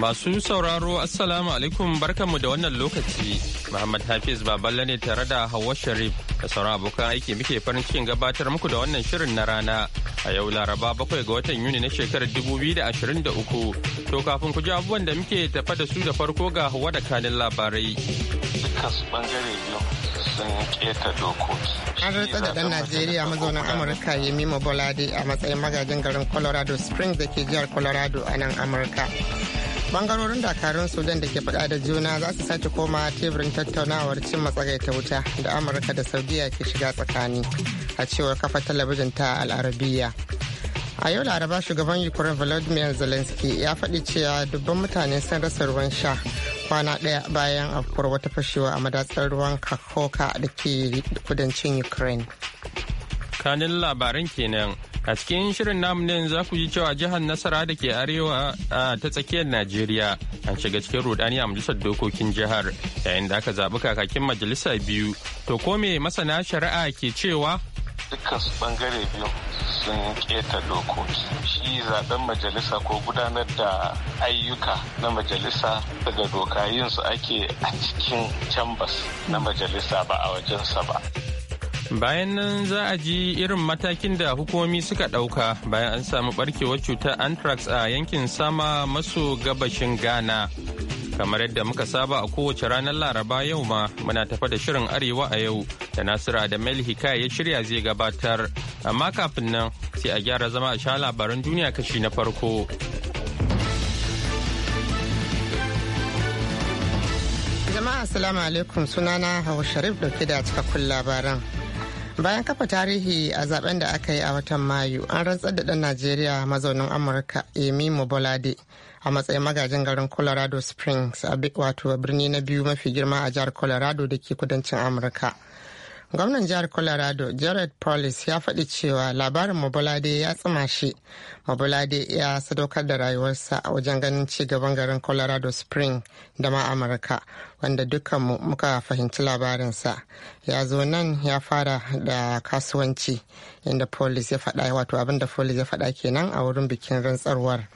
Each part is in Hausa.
Masu sauraro Assalamu alaikum barkanmu da wannan lokaci. Muhammad Hafiz Baballe ne tare da Hauwa Sharif da sauran abokan aiki muke farin cikin gabatar muku da wannan shirin na rana a yau Laraba bakwai ga watan Yuni na shekarar 2023. To kafin ku ji abubuwan da muke tafa da su da farko ga Hauwa da kanin labarai. An rutsa da ɗan Najeriya mazaunin Amurka ya Yemi Bolade a matsayin magajin garin Colorado Springs da ke jihar Colorado a nan Amurka. bangarorin dakarun sudan da ke fada da juna za su sake koma teburin tattaunawar cin ta wuta da amurka da saudiya ke shiga tsakani a cewar kafa talabijin ta al'arabiya a yau laraba shugaban ukraine volodymyr zelensky ya faɗi cewa dubban mutane sun rasa ruwan sha kwana ɗaya bayan afkuwar wata fashewa a madatsar ruwan kakoka da ke kudancin ukraine kanin labaran kenan a cikin shirin namu ne za ku ji cewa jihar nasara da ke arewa a ta tsakiyar najeriya an shiga cikin rudani a majalisar dokokin jihar yayin da aka zaɓi kakakin majalisa biyu to ko me masana shari'a ke cewa dukkan su bangare biyu sun keta dokoki shi zaben majalisa ko gudanar da ayyuka na majalisa daga doka yin su ake a cikin chambers na majalisa ba a wajensa ba bayan nan za a ji irin matakin da hukumomi suka ɗauka bayan an samu barkewar cutar anthrax a yankin sama maso gabashin ghana kamar yadda muka saba a kowace ranar laraba yau ma muna tafa da shirin arewa a yau da nasira da mel hikaya ya shirya zai gabatar amma kafin nan sai a gyara zama a sha labaran duniya kashi na farko jama'a assalamu alaikum sunana hawa sharif dauke da cikakkun labaran bayan kafa tarihi a zaben da aka yi a watan mayu an rantsar da dan najeriya mazaunin amurka emi mobolade a matsayin magajin garin colorado springs wato birni na biyu mafi girma a jihar colorado da ke kudancin amurka gwamnan jihar colorado jared polis ya faɗi cewa labarin mabulade ya tsima shi mabalade ya sadaukar da rayuwarsa a wajen ganin ci gaban garin colorado spring da ma amurka wanda dukkanmu muka fahimci labarinsa ya zo nan ya fara da kasuwanci inda polis ya faɗa wato abinda polis ya faɗa kenan a wurin bikin rantsarwar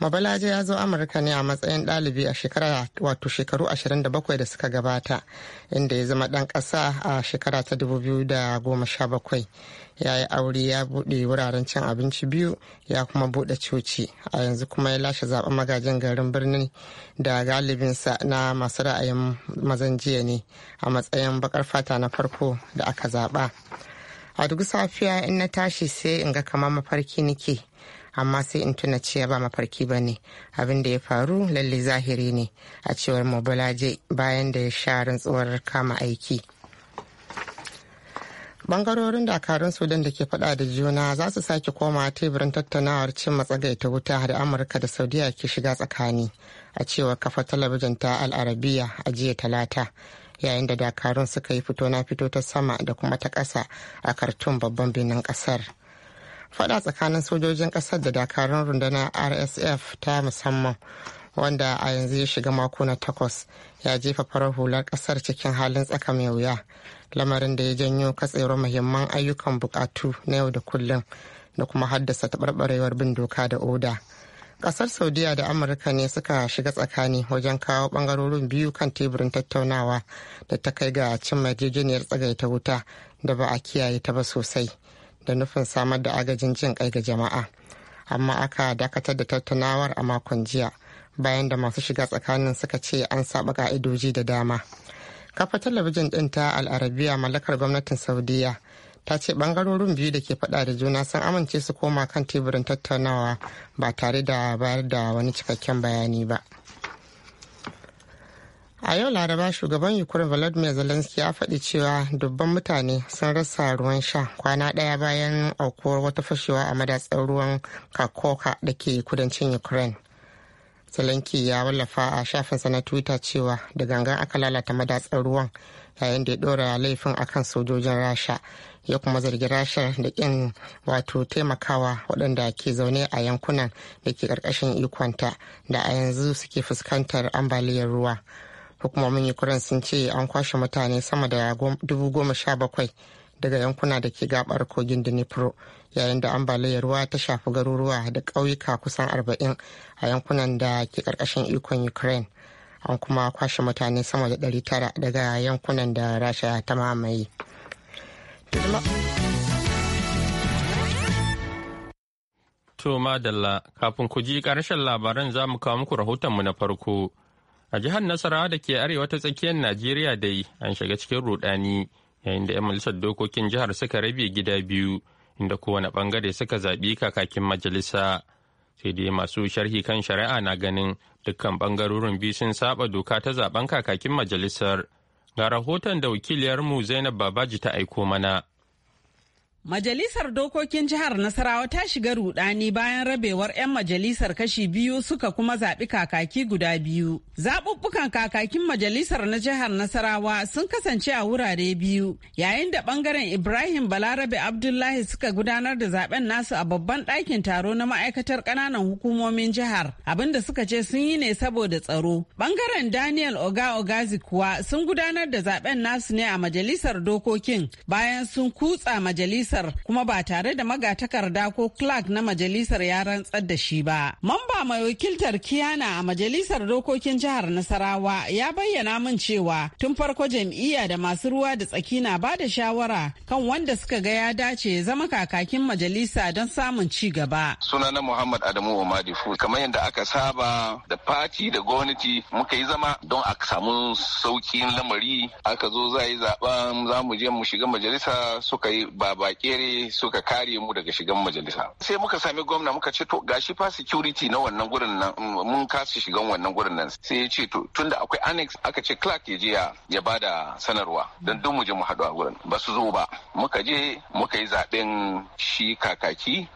mabalaje ya zo amurka ne a matsayin ɗalibi a shekara wato shekaru 27 da suka gabata inda ya zama ɗan ƙasa a shekara ta 2017 ya yi aure ya buɗe wuraren cin abinci biyu ya kuma buɗe coci a yanzu kuma ya lashe zaben magajin garin birnin da galibinsa na masu ra'ayin mazan jiya ne a matsayin bakar fata na farko da aka zaɓa a duk safiya in na tashi sai in ga kamar mafarki nake amma sai in tuna cewa ba mafarki ba ne abin da ya faru lalle zahiri ne a cewar mobalaje bayan da ya sha rantsuwar kama aiki bangarorin dakarun sudan da ke fada da juna za su sake koma teburin tattaunawar cin ta wuta da amurka da saudiya ke shiga tsakani a cewar kafa talabijin ta al'arabiya a jiya talata yayin da dakarun suka yi fito na fito ta sama da kuma ta ƙasa a kartun babban binin ƙasar fada tsakanin sojojin kasar da dakarun rundunar rsf ta musamman wanda a yanzu ya shiga mako na takwas ya jefa farar hular kasar cikin halin tsaka mai wuya lamarin da ya janyo katsewar muhimman ayyukan bukatu na yau da kullum da kuma haddasa taɓarɓarewar bin doka da oda kasar saudiya da amurka ne suka shiga tsakani wajen kawo ɓangarorin biyu kan teburin tattaunawa da ta kai ga cin yarjejeniyar tsagaita wuta da ba a kiyaye ta ba sosai da nufin samar da agajin jin kai ga jama'a amma aka dakatar da tattaunawar a makon jiya bayan da masu shiga tsakanin suka ce an saba ka'idoji da dama kafa talabijin ɗin ta al'arabiya mallakar gwamnatin saudiya ta ce bangarorin biyu da ke faɗa da juna sun amince su koma kan teburin tattaunawa ba tare da bayar da wani cikakken bayani ba a yau laraba shugaban ukraine volodymyr zelensky ya faɗi cewa dubban mutane sun rasa ruwan sha kwana ɗaya bayan aukuwar wata fashewa a madatsar ruwan kakoka da ke kudancin ukraine zelensky ya wallafa a shafinsa na twitter cewa da gangan aka lalata madatsar ruwan yayin da ya ɗora laifin akan sojojin rasha ya kuma zargi rasha da ƙin wato taimakawa waɗanda ke zaune a yankunan da ke ƙarƙashin ikonta da a yanzu suke fuskantar ambaliyar ruwa hukumomin ukraine sun ce an kwashe mutane sama da dubu goma sha bakwai daga yankuna da ke gabar kogin dnipro yayin da ambaliyar ruwa ta shafi garuruwa da ƙauyuka kusan arba'in a yankunan da ke ƙarƙashin ikon ukraine an kuma kwashe mutane sama da ɗari tara daga yankunan da rasha ta mamaye To madalla kafin ku ji ƙarshen labaran zamu kawo muku rahotonmu na farko A jihar Nasarawa da ke arewa ta tsakiyar Najeriya dai an shiga cikin rudani yayin da 'yan majalisar dokokin jihar suka rabe gida biyu inda kowane bangare suka zaɓi kakakin majalisa. Sai dai masu sharhi kan shari'a na ganin dukkan bangarorin biyu sun saba doka ta zaben kakakin majalisar. Ga rahoton da wakiliyarmu Zainab Babaji ta aiko mana. Majalisar Dokokin Jihar Nasarawa ta shiga rudani bayan rabewar 'yan majalisar kashi biyu suka kuma zaɓi kakaki guda biyu. Zaɓuɓɓukan kakakin majalisar na Jihar Nasarawa sun kasance a wurare biyu, yayin da ɓangaren Ibrahim Balarabe Abdullahi suka gudanar da zaɓen nasu a babban ɗakin taro na ma'aikatar ƙananan hukumomin jihar, abinda suka ce sun yi ne saboda tsaro. Ɓangaren Daniel Oga Ogazi kuwa sun gudanar da zaɓen nasu ne a majalisar dokokin bayan sun kutsa majalisar majalisar kuma ba tare da magatakarda ko clark na majalisar ya rantsar da shi ba. Mamba mai wakiltar Kiyana a majalisar dokokin jihar Nasarawa ya bayyana min cewa tun farko jam'iyya da masu ruwa da tsaki na ba da shawara kan wanda suka ga ya dace zama kakakin majalisa don samun ci gaba. Sunana Muhammad Adamu Fu kamar yadda aka saba da fati da gwamnati muka yi zama don a samu sauƙin lamari aka zo za yi zaben za mu je mu shiga majalisa suka yi ba makere suka kare mu daga shigan majalisa sai muka sami gwamna muka ce to gashi fa security na wannan gurin nan mm, mun kasa shigan wannan gurin nan sai ya ce to tunda akwai annex aka ce clark ya je ya bada sanarwa don duk mu je mu haɗu a gurin ba su zo ba muka je muka yi zaben shi kakaki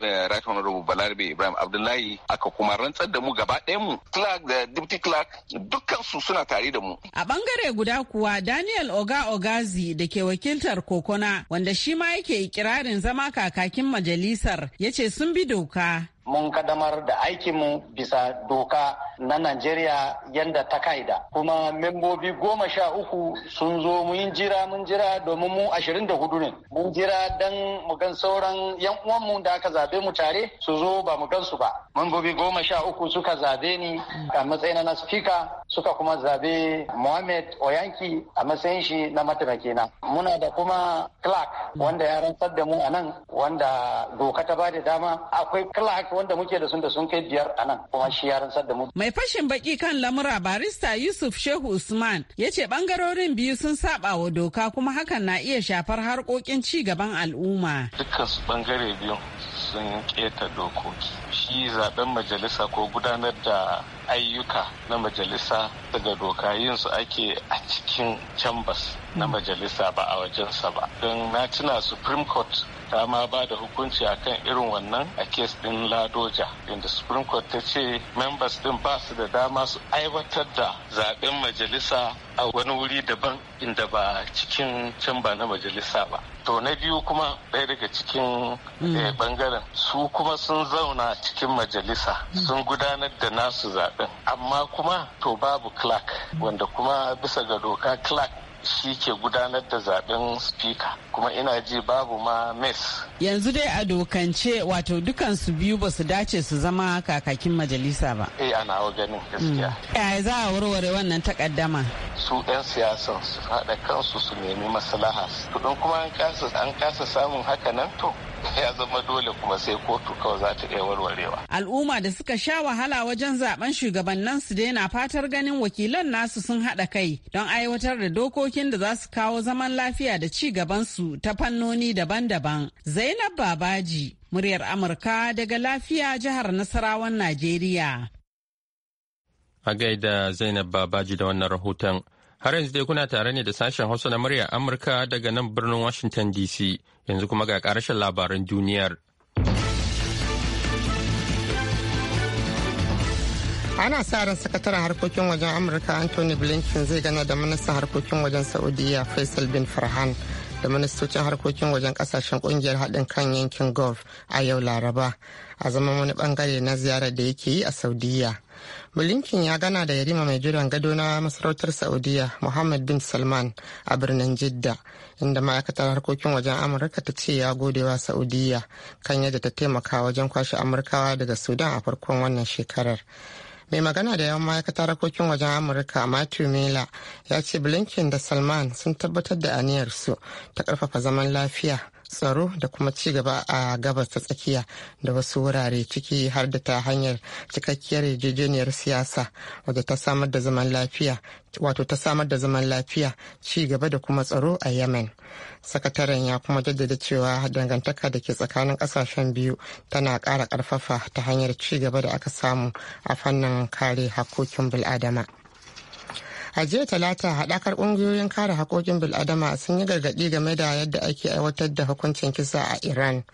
eh, right honorable balarabe ibrahim abdullahi aka kuma rantsar da mu gaba ɗayan mu clark da deputy clerk dukkan su suna tare da mu a bangare guda kuwa daniel oga ogazi da ke wakiltar kokona wanda shi ma yake ke ikirarin zama kakakin majalisar ya ce sun bi doka mun kadamar da aikinmu bisa doka na Najeriya yadda ta kaida. Kuma membobi goma sha uku sun zo mun jira mun jira domin mu ashirin da hudu ne. Mun jira don mu gan sauran yan uwanmu da aka zabe mu tare su zo ba mu gan su ba. Membobi goma sha uku suka zabe ni a matsayin na spika suka kuma zabe Mohammed Oyanki a matsayin shi na mataimaki na. Muna da kuma Clark wanda ya rantsar da mu a nan wanda doka ta ba da dama akwai Clark wanda muke da sun da sun kai biyar a nan kuma shi ya rantsar da mu. Mai fashin baki kan lamura barista Yusuf Shehu Usman ya ce bangarorin biyu sun saba wa doka kuma hakan na iya shafar harkokin ci gaban al'umma. Dukkan su bangare biyu sun keta dokoki. Shi zaben majalisa ko gudanar da ayyuka na majalisa daga doka yin su ake a cikin chambers na hmm. majalisa ba a wajensa ba. Don na tuna Supreme Court ta ma ba da hukunci akan irin wannan a kes din ladoja inda supreme court ta ce members din ba su da dama su aiwatar da zaben majalisa a wani wuri daban inda ba cikin can ba na majalisa ba to na biyu kuma ɗaya daga cikin bangaren hmm. eh, su kuma sun zauna cikin majalisa hmm. sun gudanar da nasu zaben amma kuma to babu clark hmm. wanda kuma bisa ga doka clark shi ke gudanar da zaben spika kuma ina ji babu ma mes yanzu dai a dokance wato dukansu biyu ba su dace su zama kakakin majalisa ba eh ana wa ganin gaskiya yaya mm. za a warware wannan takaddama su yan siyasan su haɗa kansu su nemi maslaha Kudin kuma an kasa samun haka nan to ya zama dole kuma sai kotu kawai za ta iya warwarewa al'umma da suka sha wahala wajen zaben shugabannin su daina fatar ganin wakilan nasu sun haɗa kai don aiwatar da dokoki dokokin da za su kawo zaman lafiya da ci gabansu ta fannoni daban-daban. Zainab Babaji, muryar Amurka daga lafiya jihar Nasarawan Najeriya. A gaida Zainab Babaji da wannan rahoton. Har yanzu dai kuna tare ne da sashen Hausa na muryar Amurka daga nan birnin Washington DC. Yanzu kuma ga ƙarshen labaran duniyar. ana sa ran sakataren harkokin wajen amurka anthony blinken zai gana da ministan harkokin wajen saudiya faisal bin farhan da ministocin harkokin wajen kasashen kungiyar haɗin kan yankin gulf a yau laraba a zaman wani bangare na ziyarar da yake yi a saudiya blinken ya gana da yarima mai jiran gado na masarautar saudiya muhammad bin salman a birnin jidda inda ma'aikatar harkokin wajen amurka ta ce ya godewa saudiya kan yadda ta taimaka wajen kwashe amurkawa daga sudan a farkon wannan shekarar mai magana da yawan ma'aikatar harkokin wajen amurka matthew miller ya ce blinken da salman sun tabbatar da aniyarsu ta karfafa zaman lafiya tsaro da kuma ci gaba a gabas ta tsakiya da wasu wurare ciki har da ta hanyar cikakkiyar yarjejeniyar siyasa wadda ta samar da zaman lafiya wato ta samar da zaman lafiya ci gaba da kuma tsaro a yemen sakataren ya kuma jaddada cewa dangantaka da ke tsakanin kasashen biyu tana ƙara ƙarfafa ta hanyar ci gaba da aka samu a fannin kare hakokin bil'adama. a jiya talata haɗakar ƙungiyoyin kare haƙoƙin bil'adama sun yi gargaɗi game da yadda ake aiwatar da hukuncin kisa a iran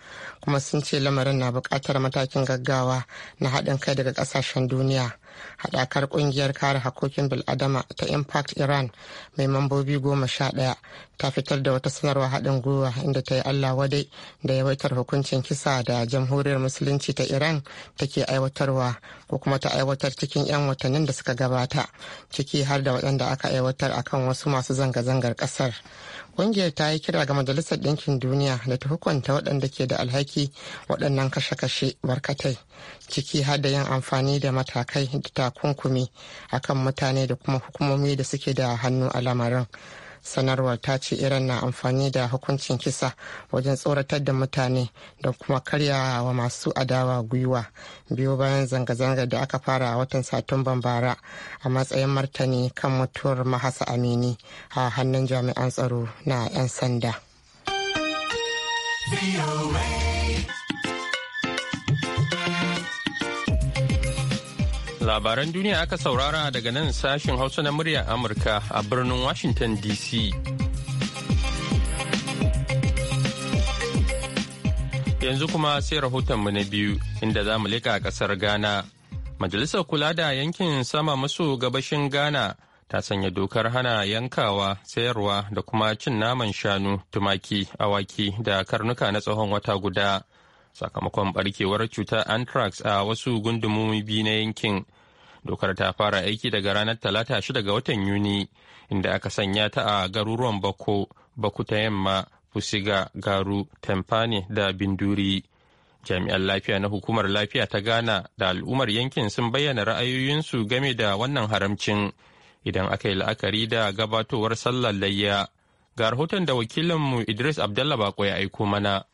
kuma sun ce lamarin na buƙatar matakin gaggawa na haɗin kai daga ƙasashen duniya haɗakar ƙungiyar kare haƙoƙin bil'adama ta impact iran mai mambobi goma sha ɗaya ta fitar da wata sanarwa haɗin gwiwa inda ta yi allah wadai da yawaitar hukuncin kisa da jamhuriyar musulunci ta iran take aiwatarwa ko kuma ta aiwatar cikin 'yan watannin da suka gabata ciki har da waɗanda aka aiwatar akan wasu masu zanga-zangar ƙasar ƙungiyar ta yi kira ga majalisar ɗinkin duniya da ta hukunta waɗanda ke da alhaki waɗannan kashe-kashe barkatai ciki har da yin amfani da matakai da takunkumi akan mutane da kuma hukumomi da suke da hannu a lamarin sanarwar ta ce iran na amfani da hukuncin kisa wajen tsoratar da mutane da kuma karya wa masu adawa gwiwa biyu bayan zanga-zangar da aka fara watan satumban bara a matsayin martani kan mutuwar mahasa amini a hannun jami'an tsaro na 'yan sanda. Labaran duniya aka saurara daga nan sashin Hausa na muryar Amurka a birnin Washington DC. Yanzu kuma sai rahotonmu na biyu inda za mu leƙa ƙasar Ghana. Majalisar kula da yankin sama maso gabashin Ghana ta sanya dokar hana yankawa, sayarwa da kuma cin naman shanu, tumaki, awaki da karnuka na tsawon wata guda. sakamakon barkewar cutar anthrax a wasu gundumomi biyu na yankin Dokar ta fara aiki daga ranar Talata shida ga watan Yuni, inda aka sanya ta a garuruwan Bako, Baku ta Yamma, Fusiga, Garu, Tempane da Binduri. Jami'an lafiya na hukumar lafiya ta Ghana da al'ummar yankin sun bayyana ra'ayoyinsu game da wannan haramcin idan aka yi la'akari da gabatowar sallar layya. Ga rahoton da wakilinmu Idris Abdallah Bako ya aiko mana.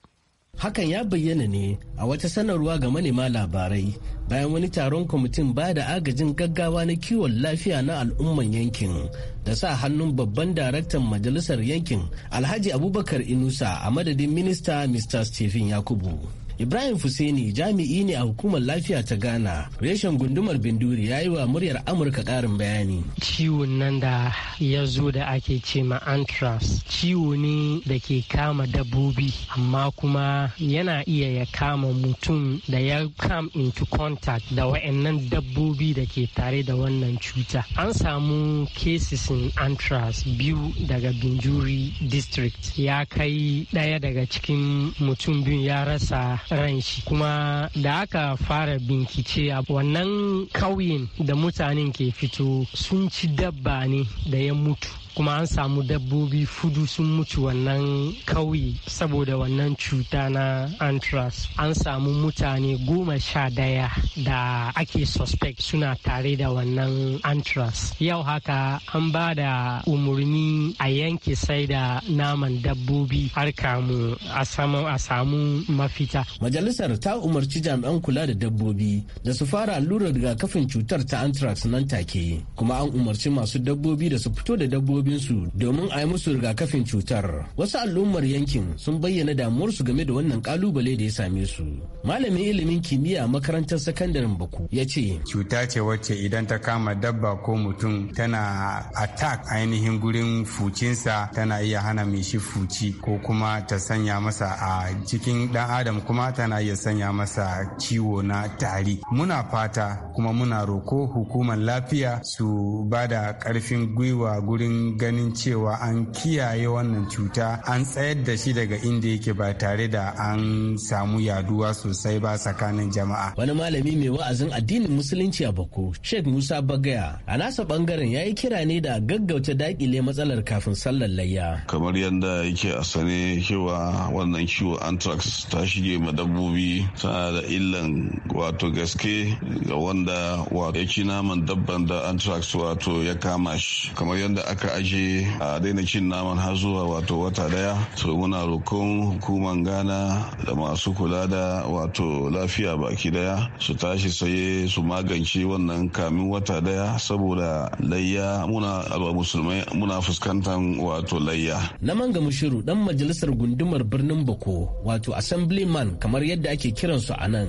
Hakan ya bayyana ne a wata sanarwa ga manema labarai bayan wani taron kwamitin ba da agajin gaggawa na kiwon lafiya na al'umman yankin da sa hannun babban daraktan majalisar yankin Alhaji Abubakar Inusa a madadin minista Mr. Stephen Yakubu. Ibrahim Fuseni jami'i ne a hukumar lafiya ta Ghana. Reshen gundumar Binduri ya yi wa muryar Amurka ƙarin bayani. Ciwon nan da ya zo da ake ce ma anthrax ciwo ne da ke kama dabbobi amma kuma yana iya ya kama mutum da ya come into contact da wa'annan dabbobi da ke tare da wannan cuta. An samu cases in anthrax biyu daga Binduri district ya kai ɗaya daga cikin mutum biyu ya rasa ranshi kuma da aka fara bincike a wannan kauyen da mutanen ke fito sun ci dabba ne da ya mutu kuma an samu dabbobi fudu sun mutu wannan kauye saboda wannan cuta na anthrax an samu mutane goma sha daya da ake suspect suna tare da wannan anthrax yau haka an ba da umarni a yanke sai da naman dabbobi har kamu a samu mafita majalisar ta umarci jami'an kula da dabbobi da su fara allurar rigakafin cutar ta anthrax nan take kuma an umarci masu dabbobi da su fito da dabbobi dabbobinsu domin a yi musu rigakafin cutar wasu al'ummar yankin sun bayyana damuwarsu game da wannan kalubale da ya same su malamin ilimin kimiyya makarantar sakandaren baku ya ce cuta ce wacce idan ta kama dabba ko mutum tana attack ainihin gurin fucinsa tana iya hana mai shi fuci ko kuma ta sanya masa a cikin dan adam kuma tana iya sanya masa ciwo na tari muna fata kuma muna roko hukumar lafiya su ba da karfin gwiwa gurin ganin cewa an kiyaye wannan cuta an tsayar da shi daga inda yake ba tare da an samu yaduwa sosai ba tsakanin jama'a. Wani malami mai wa'azin addinin musulunci a Bako, Sheikh Musa Bagaya, a nasa bangaren ya yi kira ne da gaggauta dakile matsalar kafin sallar layya. Kamar yadda yake a sane cewa wannan ciwo anthrax ta shige ma dabbobi tana da illan wato gaske ga wanda wato ya ci naman dabban da anthrax wato ya kama shi. Kamar yadda aka aje a daina cin naman har zuwa wato wata daya to muna rokon hukuman ghana da masu kula da wato lafiya baki daya su tashi saye su magance wannan kamin wata daya saboda layya muna alwa musulmai muna fuskantar wato layya naman ga mushiru dan majalisar gundumar birnin bako wato assemblyman kamar yadda ake kiransu a nan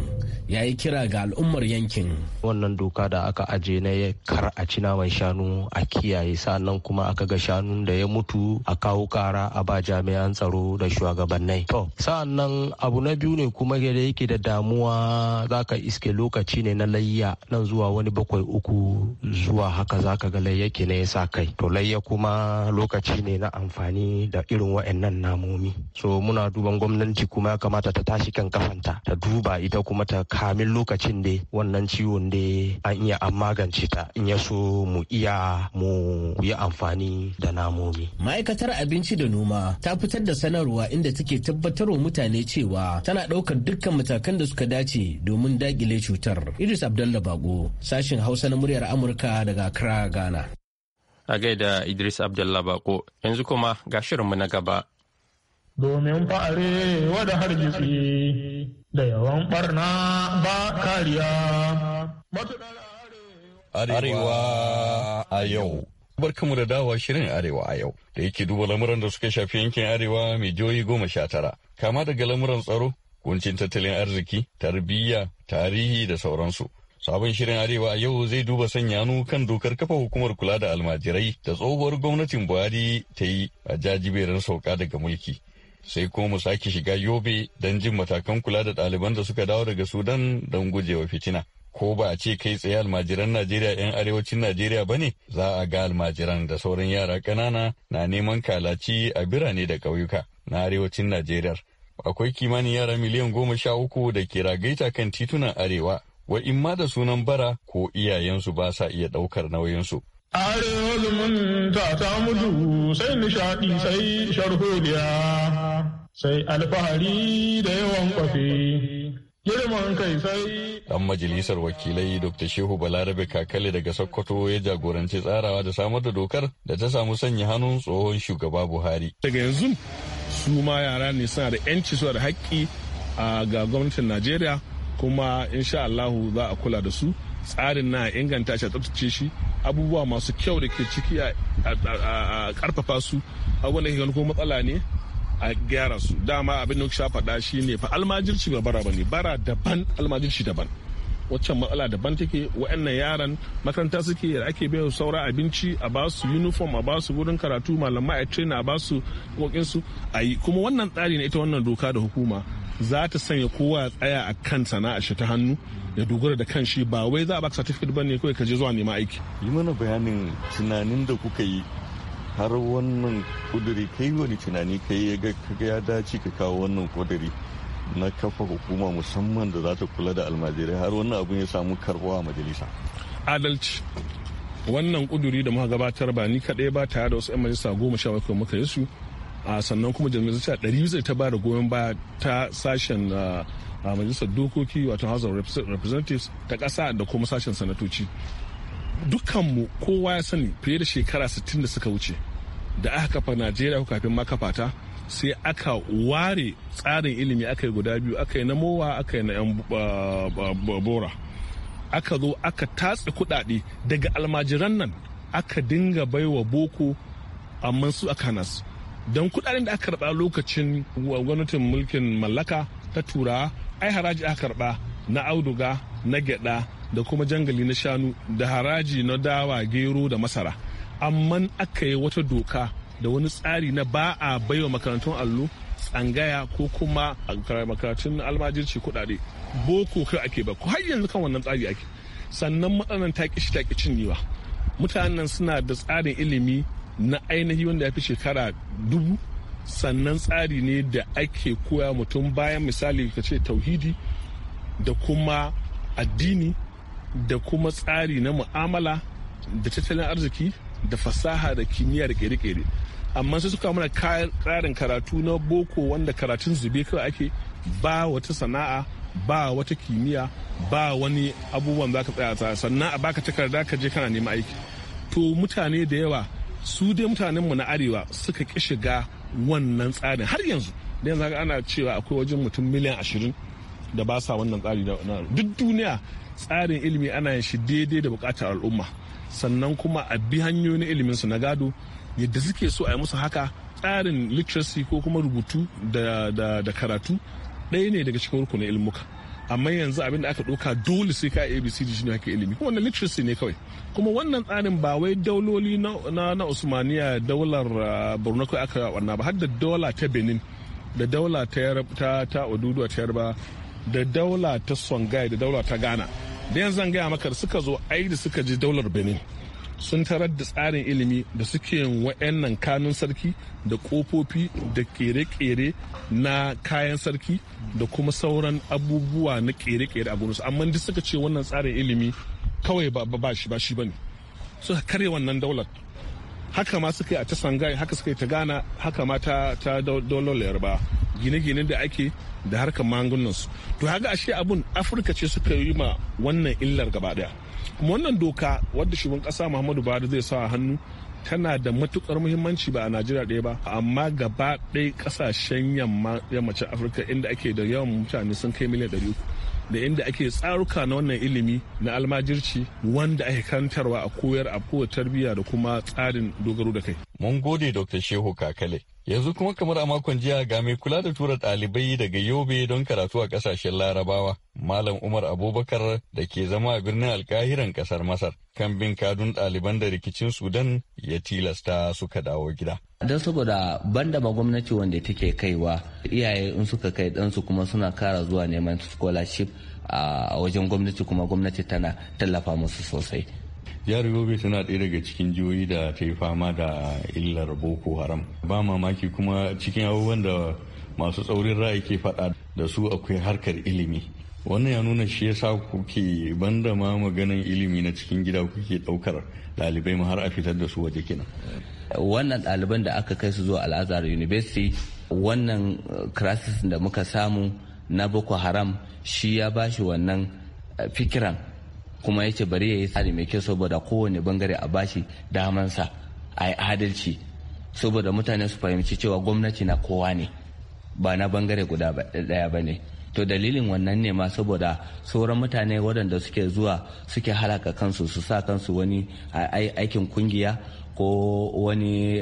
ya yi kira ga al'ummar yankin wannan doka da aka aje na kar a ci naman shanu a kiyaye sa'annan kuma aka ga shanun da ya mutu a kawo kara a ba jami'an tsaro da shugabannai to sa'an nan abu na biyu ne kuma da yake da damuwa za ka iske lokaci ne na layya nan zuwa wani bakwai uku zuwa haka za ka ga layya ke ne ya sa kai to layya kuma lokaci ne na amfani da irin wa'annan namomi so muna duban gwamnati kuma ya kamata ta tashi kan kafanta ta duba ita kuma ta kamin lokacin da wannan ciwon da an iya an magance ta in ya so mu iya mu yi amfani da namomi. Ma'aikatar abinci da noma ta fitar da sanarwa inda take tabbatar wa mutane cewa tana ɗaukar dukkan matakan da suka dace domin daƙile cutar. Idris Abdullah Bago, sashin Hausa na muryar Amurka daga Accra, Ghana. A gaida Idris Abdullah Bako, yanzu kuma ga shirinmu na gaba. Domin fa'are wada hargitsi da yawan barna ba kariya. Arewa a yau. barkamu da dawowa shirin Arewa a yau da yake duba lamuran da suka shafi yankin Arewa mai jihohi goma sha tara kama daga lamuran tsaro, kuncin tattalin arziki, tarbiyya, tarihi da sauransu. Sabon shirin Arewa a yau zai duba sanya sanyanu kan dokar kafa hukumar kula da almajirai da tsohuwar gwamnatin Buhari ta yi a jajiberin sauka daga mulki. Sai kuma mu sake shiga yobe don jin matakan kula da ɗaliban da suka dawo daga Sudan don gujewa fitina. ko ba a ce kai tsaye almajiran Najeriya 'yan arewacin Najeriya ba ne za a ga almajiran da sauran yara ƙanana na neman kalaci a birane da ƙauyuka na arewacin Najeriya. Akwai kimanin yara miliyan goma sha uku da ke ragaita kan titunan arewa wa ma da sunan bara ko iyayensu ba sa iya ɗaukar nauyinsu. Arewa zumunta ta mutu sai nishaɗi sai sharholiya sai alfahari da yawan kwafe. Dan majalisar wakilai Dr. Shehu Balarabe Kakale daga Sokoto ya jagoranci tsarawa da samar da dokar da ta samu sanya hannun tsohon shugaba Buhari. Daga yanzu su ma yara ne suna da 'yanci suna da haƙƙi ga gwamnatin Najeriya kuma insha Allahu za a kula da su tsarin na inganta shi a tsabtace shi abubuwa masu kyau da ke ciki a karfafa su abubuwan da matsala ne a gyara su dama abin da sha faɗa shi ne fa almajirci ba bara bane bara daban almajirci daban waccan matsala daban take wa'annan yaran makaranta suke da ake bayar saura abinci a ba su uniform a ba su wurin karatu malamai a trainer a ba su kokin su a yi kuma wannan tsari na ita wannan doka da hukuma za ta sanya kowa tsaya a kan sana'a shi ta hannu ya dogara da kan shi ba wai za a baka certificate bane kawai ka je zuwa nema aiki yi mana bayanin tunanin da kuka yi har wannan kuduri kai wani tunani kai ya ga ya dace ka kawo wannan kuduri na kafa hukuma musamman da za ta kula da almajirai har wannan abun ya samu karbuwa a majalisa adalci wannan kuduri da muka gabatar ba ni kaɗai ba tare da wasu 'yan majalisa goma sha bakwai muka yi su a sannan kuma majalisa ɗari zai ta ba da goyon baya ta sashen majalisar dokoki wato house of representatives ta ƙasa da kuma sashen sanatoci dukkanmu kowa ya sani fiye da shekara 60 da suka wuce da aka kafa najeriya ko kafin ma sai aka ware tsarin ilimi aka yi guda biyu aka yi na mowa aka yi na yan bora aka zo aka tatse kudade daga almajiran nan aka dinga baiwa boko amma su aka nasu don kudaden da aka karba lokacin gwamnatin mulkin mallaka ta turawa ai haraji aka karba na auduga na gyada da kuma jangali na shanu da haraji na dawa gero da masara amma aka yi wata doka da wani tsari na ba a baiwa makarantun allo tsangaya ko kuma a makarantun almajirci kudade boko kai ake ba ko har yanzu kan wannan tsari ake sannan matsalan ta takicin niwa mutanen suna da tsarin ilimi na ainihi wanda ya fi shekara dubu sannan tsari ne da ake koya mutum bayan misali ka ce tauhidi da kuma addini da kuma tsari na mu'amala da tattalin arziki da fasaha da kimiyya da kere-kere amma sai suka mana karin karatu na boko wanda karatun zube kawai ake ba wata sana'a ba wata kimiyya ba wani abubuwan za ka tsaya sannan a baka takarda ka je kana nema aiki to mutane da yawa su dai mutanen mu na arewa suka ki shiga wannan tsarin har yanzu da yanzu ana cewa akwai wajen mutum miliyan ashirin da ba sa wannan tsari da na duk duniya tsarin ilimi ana yin shi daidai da bukatar al'umma sannan kuma a bi hanyoyin ilimin su na gado yadda suke so a yi musu haka tsarin literacy ko kuma rubutu da karatu ɗaya ne daga cikin rukunin ilmuka amma yanzu abin da aka ɗauka dole sai ka abcd shi ne ake ilimi kuma wannan literacy ne kawai kuma wannan tsarin ba wai dauloli na usmaniya daular ah, borno kawai aka wannan ba har da daula ta benin da daula ta odudu ta yarba da daula ta songhai da daula ta ghana da yanzu zan gaya maka da suka zo ai da suka ji daular benin sun tarar da tsarin ilimi da suke yin wa'annan kanun sarki da kofofi da kere-kere na kayan sarki da kuma sauran abubuwa na kere-kere a gurinsu amma duk suka ce wannan tsarin ilimi kawai ba shi ba shi bane suka karya wannan daular haka ma suka yi a ta sangai haka suka yi ta gana haka ma ta dolo ba gine gine da ake da harkar magungunansu to haka ashe abun afirka ce suka yi ma wannan illar gaba daya kuma wannan doka wadda shugaban kasa muhammadu buhari zai sa hannu tana da matukar muhimmanci ba a najeriya ɗaya ba amma gaba ɗaya ƙasashen yammacin afirka inda ake da yawan mutane sun kai miliyan 300 da inda ake tsaruka na wannan ilimi na almajirci wanda ake kantarwa a koyar a kowace tarbiyya da kuma tsarin dogaro da kai. Mun gode Dr. Shehu Kakale. Yanzu kuma kamar a makon jiya ga mai kula da tura ɗalibai daga Yobe don karatu a ƙasashen Larabawa, Malam Umar Abubakar da ke zama a birnin alkahiran ƙasar Masar, kan bin kadun ɗaliban da rikicin Sudan ya tilasta suka dawo gida. Don saboda ban ma gwamnati wanda take kaiwa, iyaye in suka kai ɗansu kuma suna kara zuwa neman scholarship a wajen gwamnati kuma gwamnati tana tallafa musu sosai. jihar yobe tana ɗaya daga cikin jihohi da ta yi fama da illar boko haram ba mamaki kuma cikin abubuwan da masu tsaurin ra'ayi ke faɗa da su akwai harkar ilimi wannan ya nuna shi yasa kuke banda ma maganan ilimi na cikin gida kuke ɗaukar ɗalibai ma har a fitar da su waje kenan wannan ɗaliban da aka kai su zuwa al'azhar university wannan eh, crisis da muka samu na boko haram shi ya bashi wannan eh, fikiran kuma ya ce bari ya yi tsari mai kyau saboda kowane bangare a bashi damansa a yi adalci saboda mutane su fahimci cewa gwamnati na kowa ne ba na bangare guda daya ba ne to dalilin wannan ne ma saboda sauran mutane waɗanda suke zuwa suke halaka kansu su sa kansu wani aikin kungiya ko wani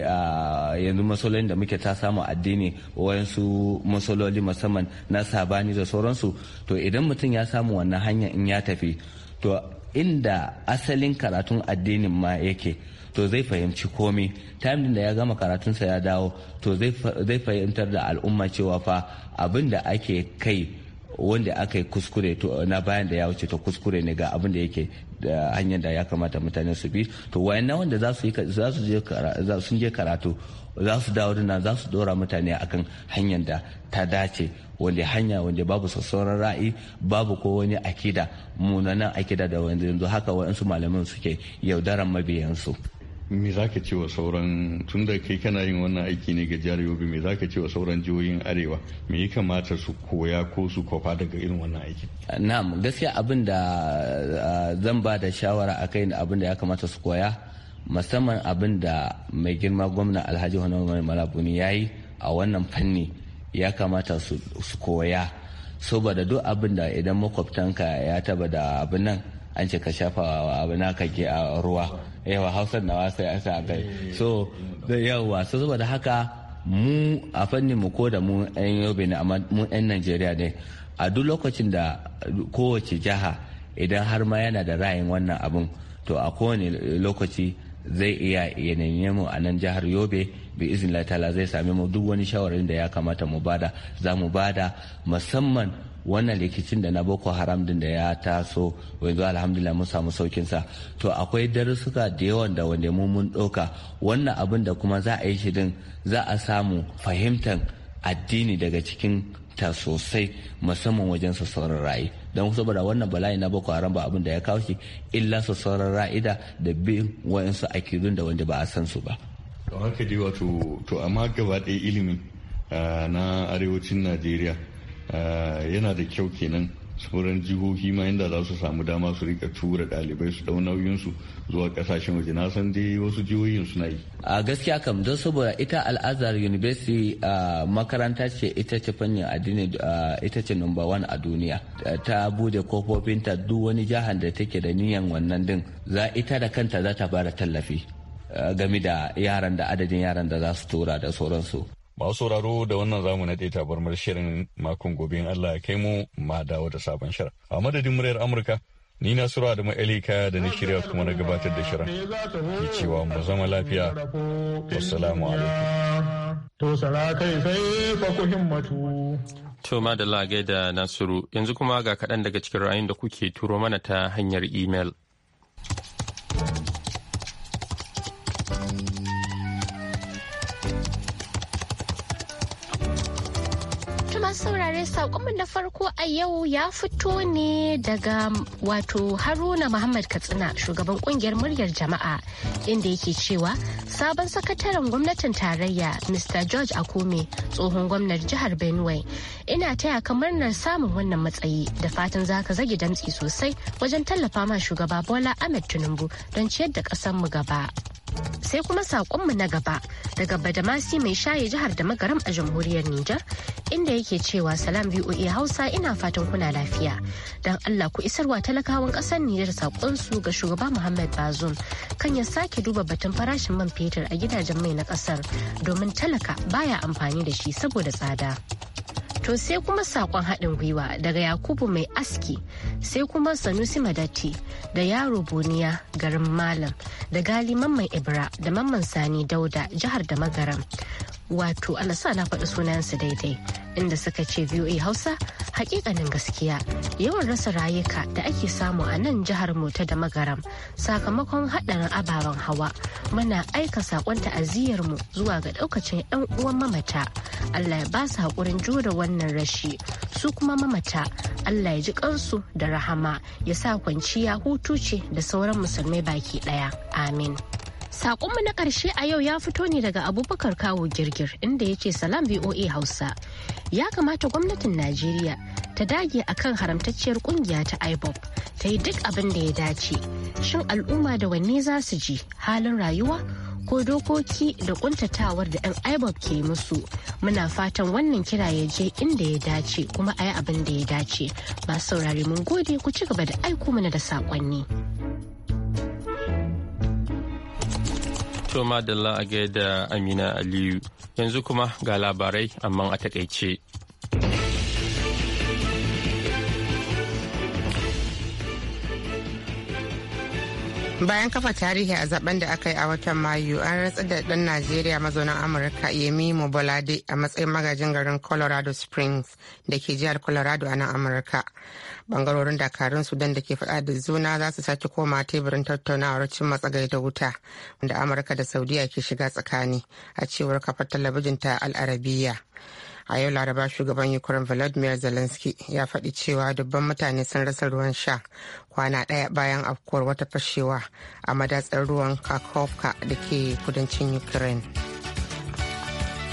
yanzu matsalolin da muke ta samu addini wayansu matsaloli musamman na sabani da sauransu to idan mutum ya samu wannan hanya in ya tafi to inda asalin karatun addinin ma yake to zai fahimci komi time din da ya gama karatunsa ya dawo to zai fahimtar da al'umma cewa fa abin da ake kai wanda aka yi kuskure na bayan da ya wuce to kuskure ne ga abin da yake da hanyar da ya kamata mutane su bi to wayannan wanda za su je karatu za su dawo dina za su dora mutane akan hanyar da ta dace wanda hanya wanda babu sassauran ra'ayi babu ko wani akida munanan akida da wanda yanzu haka waɗansu malaman suke yaudaran mabiyansu me za ka ce wa sauran tun da kai kana yin wannan aiki ne ga jihar yobe me za ka ce wa sauran jihohin arewa me ya kamata su koya ko su kofa daga irin wannan aiki na'am gaskiya abin da zan ba da shawara a kai abin da ya kamata su koya musamman abin da mai girma gwamna alhaji honorable malabuni ya yi a wannan fanni ya kamata su koya saboda duk abin da idan makwabtanka ya taba da abin nan an ce ka shafa abu ka ke a ruwa yawa hausar na wasa ya sa kai so yawa so saboda haka mu a fannin mu ko da mu yan yobe ne amma mu yan najeriya ne a duk lokacin da kowace jiha idan har ma yana da ra'ayin wannan abun to a kowane lokaci zai iya ya neme a nan jihar yobe bi izin latala zai sami mu duk wani shawarin da ya kamata mu bada za mu bada musamman wannan rikicin da na boko haram din da ya taso yanzu alhamdulillah mun samu saukin sa to akwai darussuka da yawan da wanda mu mun ɗauka wannan abin da kuma za a yi shi din za a samu fahimtar addini daga cikin ta sosai musamman wajen sassauran ra'ayi don saboda wannan bala'i na boko haram ba abin da ya kawo shi illa su sauran ra'ida da bin wa'insu akidun da wanda ba a san su ba to haka dai wato to amma gaba ɗaya ilimin ah, na arewacin najeriya ah, yana da kyau kenan sauran jihohi ma inda za su samu dama su rika tura ɗalibai su dau nauyinsu zuwa ƙasashen waje na san dai wasu jihohin suna yi. a gaskiya kam don saboda ita al'azhar university makaranta ce ita ce fannin addini ita ce number one a duniya ta bude kofofinta duk wani jihar da take da niyan wannan din za ita da kanta za ta bada tallafi game da yaran da adadin yaran da za su tura da sauransu Masu sauraro da wannan zamu naɗe tabarmar shirin makon gobe in Allah ya kai mu ma dawo da sabon shirin. A madadin muryar Amurka, ni na sura da kaya da na shirya kuma na gabatar da shirin. Ke cewa mu zama lafiya. Wassalamu alaikum. To sala kai sai fa ku himmatu. To madalla gaida Nasiru, yanzu kuma ga kaɗan daga cikin ra'ayin da kuke turo mana ta hanyar imel. masu saurare saƙonmu na farko a yau ya fito ne daga wato Haruna Muhammad Katsina shugaban kungiyar muryar jama'a inda yake cewa sabon sakataren gwamnatin tarayya Mr. George Akume tsohon gwamnar jihar Benue ina taya ka murnar samun wannan matsayi da fatan zaka zagi damtsi sosai wajen tallafa ma shugaba Bola Ahmed Tinubu don ciyar da mu gaba. sai kuma saƙonmu na gaba daga badamasi mai shaye jihar da magaram a jamhuriyar Nijar inda yake cewa salam VOA Hausa ina fatan kuna lafiya don Allah ku isarwa talakawan ƙasar Nijar saƙonsu ga shugaba Muhammad Bazoum kan ya sake duba batun farashin man fetur a gidajen mai na ƙasar domin talaka baya amfani da shi saboda tsada. To sai kuma sakon haɗin gwiwa daga Yakubu mai aski sai kuma Sanusi Madati da yaro Boniya garin Malam da galiman Mai Ibra da Mamman Sani Dauda jihar da Magaram wato alasa na faɗi sunansu daidai inda suka ce voa hausa hakikanin gaskiya yawan rasa rayuka da ake samu a nan jihar mota da magaram sakamakon haɗarin ababen hawa muna aika sakon ta'aziyyar mu zuwa ga ɗaukacin 'yan uwan mamata allah ya ba su haƙurin jure wannan rashi su kuma mamata allah ya ji kansu da rahama ya sa kwanciya hutu ce da sauran musulmai baki ɗaya amin Sakonmu na ƙarshe a yau ya fito ne daga abubakar kawo girgir inda ya ce salam VOA Hausa. Ya kamata gwamnatin Najeriya ta dage a kan haramtacciyar ƙungiya ta IBOB ta yi duk abin da ya dace. Shin al'umma da wanne za su ji halin rayuwa ko dokoki da ƙuntatawar da 'yan IBOB ke musu. Muna fatan wannan kira ya je inda ya dace kuma a yi abin da ya dace. Masu saurari mun gode ku ci gaba da aiko mana da saƙonni. To madalla a da Amina Aliyu. Yanzu kuma ga labarai amma a takaice. bayan kafa tarihi a zaben da aka yi a watan mayu an ratsa da dan najeriya mazaunin amurka yemi mobolade a matsayin magajin garin colorado springs da ke jihar colorado a nan amurka bangarorin dakarun sudan da ke fada da zuna za su sake koma teburin tattaunawar cin matsagai da wuta da amurka da saudiya ke shiga tsakani a cewar kafar talabijin ta al'arabiya a yau laraba shugaban ukraine vladimir zelensky ya faɗi cewa dubban mutane sun rasa ruwan sha kwana ɗaya bayan afkuwar wata fashewa a madatsar ruwan kakovka da ke kudancin ukraine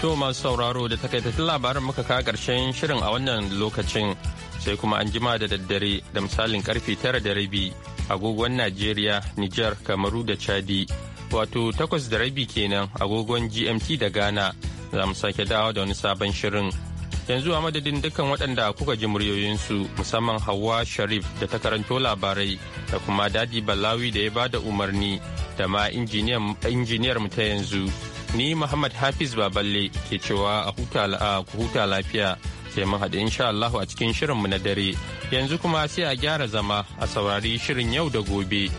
to masu sauraro da takaitattun labarin muka kawo karshen shirin a wannan lokacin sai kuma an jima da daddare da misalin karfe tara da rabi agogon najeriya niger kamaru da chadi wato takwas da rabi kenan agogon gmt da ghana za mu sake dawo da wani sabon shirin yanzu a madadin dukkan waɗanda kuka ji muryoyinsu musamman hawa sharif da ta karanto labarai da kuma dadi balawi da ya ba da umarni da ma injiniyar mu ta yanzu ni muhammad hafiz baballe ke cewa a huta lafiya sai mun haɗu insha allahu a cikin mu na dare yanzu kuma sai a gyara zama a saurari shirin yau da gobe.